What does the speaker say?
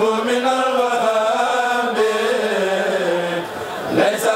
له من الوهاب ليس